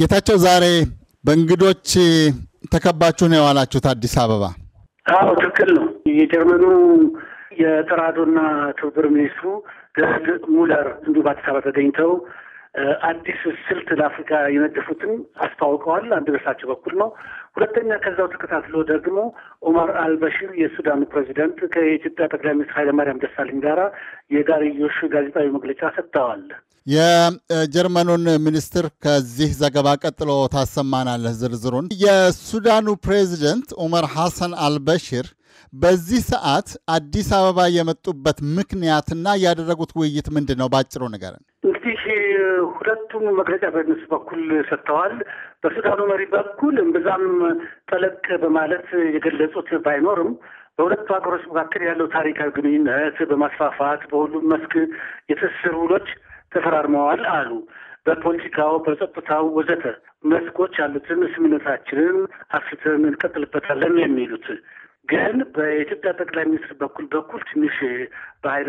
ጌታቸው ዛሬ በእንግዶች ተከባችሁ ነው የዋላችሁት አዲስ አበባ? አዎ ትክክል ነው። የጀርመኑ የጥራዶና ትብብር ሚኒስትሩ ገርድ ሙለር እንዲሁ በአዲስ አበባ ተገኝተው አዲስ ስልት ለአፍሪካ የነደፉትን አስተዋውቀዋል። አንድ በሳቸው በኩል ነው። ሁለተኛ ከዛው ተከታትሎ ደግሞ ኦማር አልበሽር የሱዳኑ ፕሬዚደንት ከኢትዮጵያ ጠቅላይ ሚኒስትር ኃይለማርያም ደሳለኝ ጋራ የጋርዮሽ ጋዜጣዊ መግለጫ ሰጥተዋል። የጀርመኑን ሚኒስትር ከዚህ ዘገባ ቀጥሎ ታሰማናለህ ዝርዝሩን። የሱዳኑ ፕሬዚደንት ኦመር ሐሰን አልበሽር በዚህ ሰዓት አዲስ አበባ የመጡበት ምክንያትና ያደረጉት ውይይት ምንድን ነው? በአጭሩ ንገረን። እንግዲህ ሁለቱም መግለጫ በእነሱ በኩል ሰጥተዋል። በሱዳኑ መሪ በኩል እምብዛም ጠለቅ በማለት የገለጹት ባይኖርም በሁለቱ ሀገሮች መካከል ያለው ታሪካዊ ግንኙነት በማስፋፋት በሁሉም መስክ የትስስር ውሎች ተፈራርመዋል አሉ። በፖለቲካው፣ በጸጥታው ወዘተ መስኮች ያሉትን ስምነታችንን አስፍተን እንቀጥልበታለን የሚሉት ግን በኢትዮጵያ ጠቅላይ ሚኒስትር በኩል በኩል ትንሽ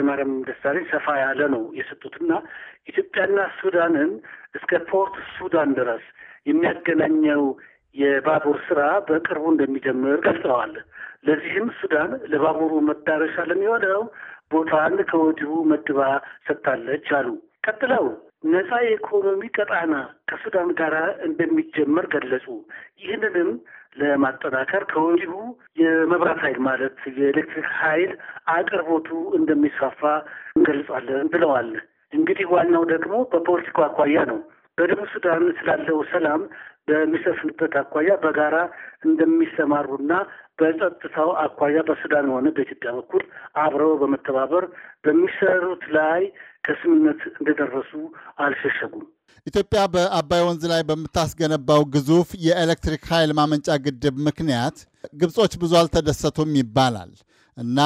ማርያም ደሳለኝ ሰፋ ያለ ነው የሰጡትና ኢትዮጵያና ሱዳንን እስከ ፖርት ሱዳን ድረስ የሚያገናኘው የባቡር ስራ በቅርቡ እንደሚጀምር ገልጸዋል። ለዚህም ሱዳን ለባቡሩ መዳረሻ ለሚሆነው ቦታን ከወዲሁ መድባ ሰጥታለች አሉ። ቀጥለው ነፃ የኢኮኖሚ ቀጣና ከሱዳን ጋር እንደሚጀመር ገለጹ። ይህንንም ለማጠናከር ከወዲሁ የመብራት ኃይል ማለት የኤሌክትሪክ ኃይል አቅርቦቱ እንደሚስፋፋ እንገልጻለን ብለዋል። እንግዲህ ዋናው ደግሞ በፖለቲካው አኳያ ነው። በደቡብ ሱዳን ስላለው ሰላም በሚሰፍንበት አኳያ በጋራ እንደሚሰማሩና በጸጥታው አኳያ በሱዳን ሆነ በኢትዮጵያ በኩል አብረው በመተባበር በሚሰሩት ላይ ከስምምነት እንደደረሱ አልሸሸጉም። ኢትዮጵያ በአባይ ወንዝ ላይ በምታስገነባው ግዙፍ የኤሌክትሪክ ኃይል ማመንጫ ግድብ ምክንያት ግብጾች ብዙ አልተደሰቱም ይባላል እና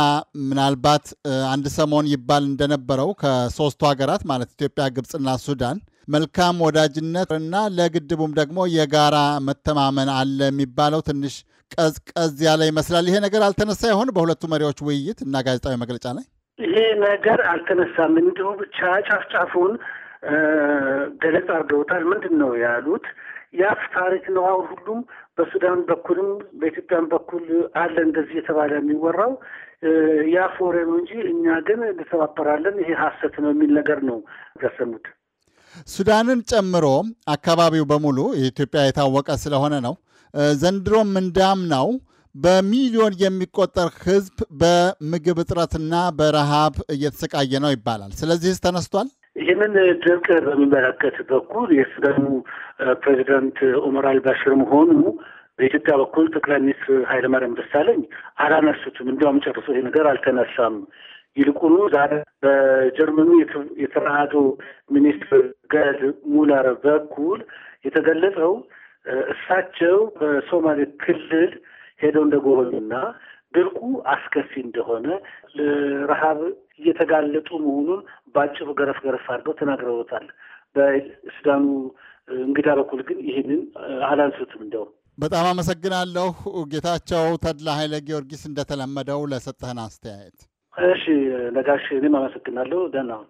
ምናልባት አንድ ሰሞን ይባል እንደነበረው ከሶስቱ ሀገራት ማለት ኢትዮጵያ፣ ግብፅና ሱዳን መልካም ወዳጅነት እና ለግድቡም ደግሞ የጋራ መተማመን አለ የሚባለው ትንሽ ቀዝቀዝ ያለ ይመስላል። ይሄ ነገር አልተነሳ ይሆን በሁለቱ መሪዎች ውይይት እና ጋዜጣዊ መግለጫ ላይ? ይሄ ነገር አልተነሳም። እንዲሁ ብቻ ጫፍጫፉን ገለጽ አድርገውታል። ምንድን ነው ያሉት? ያፍ ታሪክ ነው። አሁን ሁሉም በሱዳን በኩልም በኢትዮጵያን በኩል አለ እንደዚህ የተባለ የሚወራው ያፍ ወሬ ነው እንጂ እኛ ግን እንተባበራለን፣ ይሄ ሀሰት ነው የሚል ነገር ነው ያሰሙት። ሱዳንን ጨምሮ አካባቢው በሙሉ የኢትዮጵያ የታወቀ ስለሆነ ነው። ዘንድሮም እንዳምናው በሚሊዮን የሚቆጠር ሕዝብ በምግብ እጥረትና በረሃብ እየተሰቃየ ነው ይባላል። ስለዚህስ ተነስቷል። ይህንን ድርቅ በሚመለከት በኩል የሱዳኑ ፕሬዚደንት ኦመር አልባሽር መሆኑ በኢትዮጵያ በኩል ጠቅላይ ሚኒስትር ኃይለማርያም ደሳለኝ አላነሱትም። እንዲያውም ጨርሶ ይሄ ነገር አልተነሳም ይልቁኑ ዛሬ በጀርመኑ የተራዶ ሚኒስትር ገድ ሙለር በኩል የተገለጸው እሳቸው በሶማሌ ክልል ሄደው እንደጎበኙና ድርቁ አስከፊ እንደሆነ ረሀብ እየተጋለጡ መሆኑን በአጭሩ ገረፍ ገረፍ አድርገው ተናግረውታል። በሱዳኑ እንግዳ በኩል ግን ይህንን አላንሱትም። እንደውም በጣም አመሰግናለሁ ጌታቸው ተድላ ኃይለ ጊዮርጊስ እንደተለመደው ለሰጠህን አስተያየት እሺ ለጋሽ እኔም አመሰግናለሁ። ደህና ሁን።